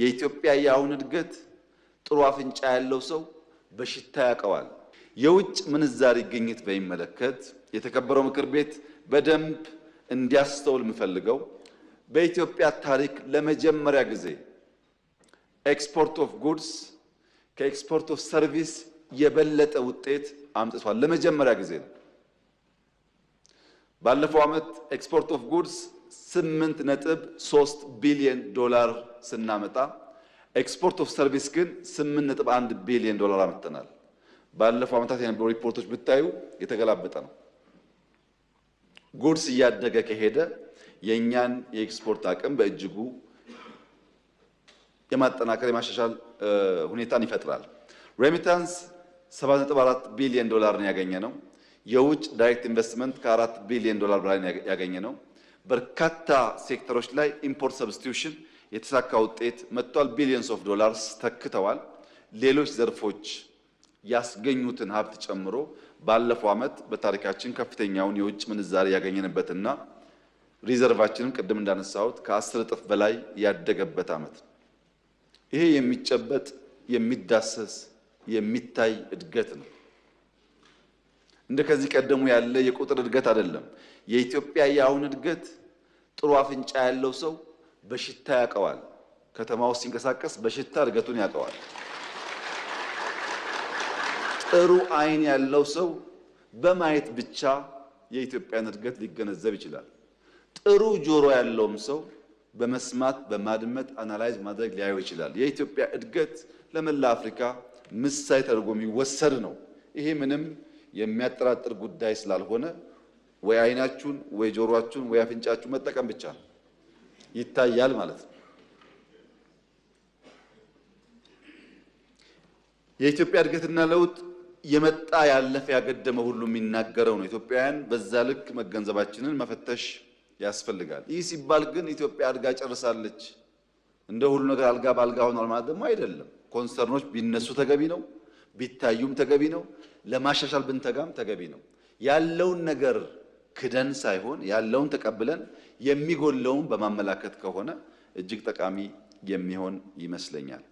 የኢትዮጵያ የአሁን እድገት ጥሩ አፍንጫ ያለው ሰው በሽታ ያውቀዋል። የውጭ ምንዛሪ ግኝት በሚመለከት የተከበረው ምክር ቤት በደንብ እንዲያስተውል የምፈልገው በኢትዮጵያ ታሪክ ለመጀመሪያ ጊዜ ኤክስፖርት ኦፍ ጉድስ ከኤክስፖርት ኦፍ ሰርቪስ የበለጠ ውጤት አምጥቷል። ለመጀመሪያ ጊዜ ነው። ባለፈው ዓመት ኤክስፖርት ኦፍ ጉድስ ስምንት ነጥብ ሶስት ቢሊየን ዶላር ስናመጣ ኤክስፖርት ኦፍ ሰርቪስ ግን ስምንት ነጥብ አንድ ቢሊየን ዶላር አመጥተናል። ባለፈው ዓመታት የነበሩ ሪፖርቶች ብታዩ የተገላበጠ ነው። ጉድስ እያደገ ከሄደ የእኛን የኤክስፖርት አቅም በእጅጉ የማጠናከር የማሻሻል ሁኔታን ይፈጥራል። ሬሚታንስ 7.4 ቢሊዮን ዶላር ነው ያገኘ ነው። የውጭ ዳይሬክት ኢንቨስትመንት ከአራት ቢሊዮን ዶላር በላይ ያገኘ ነው። በርካታ ሴክተሮች ላይ ኢምፖርት ሰብስቲዩሽን የተሳካ ውጤት መጥቷል። ቢሊየንስ ኦፍ ዶላርስ ተክተዋል። ሌሎች ዘርፎች ያስገኙትን ሀብት ጨምሮ ባለፈው ዓመት በታሪካችን ከፍተኛውን የውጭ ምንዛሬ ያገኘንበትና ሪዘርቫችንም ቅድም እንዳነሳሁት ከአስር እጥፍ በላይ ያደገበት ዓመት ይሄ የሚጨበጥ የሚዳሰስ የሚታይ እድገት ነው። እንደ ከዚህ ቀደሙ ያለ የቁጥር እድገት አይደለም። የኢትዮጵያ የአሁን እድገት ጥሩ አፍንጫ ያለው ሰው በሽታ ያውቀዋል። ከተማ ውስጥ ሲንቀሳቀስ በሽታ እድገቱን ያውቀዋል። ጥሩ አይን ያለው ሰው በማየት ብቻ የኢትዮጵያን እድገት ሊገነዘብ ይችላል። ጥሩ ጆሮ ያለውም ሰው በመስማት በማድመጥ አናላይዝ ማድረግ ሊያዩ ይችላል። የኢትዮጵያ እድገት ለመላ አፍሪካ ምሳሌ ተደርጎ የሚወሰድ ነው። ይሄ ምንም የሚያጠራጥር ጉዳይ ስላልሆነ ወይ አይናችሁን ወይ ጆሮአችሁን ወይ አፍንጫችሁን መጠቀም ብቻ ነው፣ ይታያል ማለት ነው። የኢትዮጵያ እድገትና ለውጥ የመጣ ያለፈ ያገደመ ሁሉ የሚናገረው ነው። ኢትዮጵያውያን በዛ ልክ መገንዘባችንን መፈተሽ ያስፈልጋል። ይህ ሲባል ግን ኢትዮጵያ አድጋ ጨርሳለች እንደ ሁሉ ነገር አልጋ በአልጋ ሆኗል ማለት ደግሞ አይደለም። ኮንሰርኖች ቢነሱ ተገቢ ነው። ቢታዩም ተገቢ ነው፣ ለማሻሻል ብንተጋም ተገቢ ነው። ያለውን ነገር ክደን ሳይሆን ያለውን ተቀብለን የሚጎለውን በማመላከት ከሆነ እጅግ ጠቃሚ የሚሆን ይመስለኛል።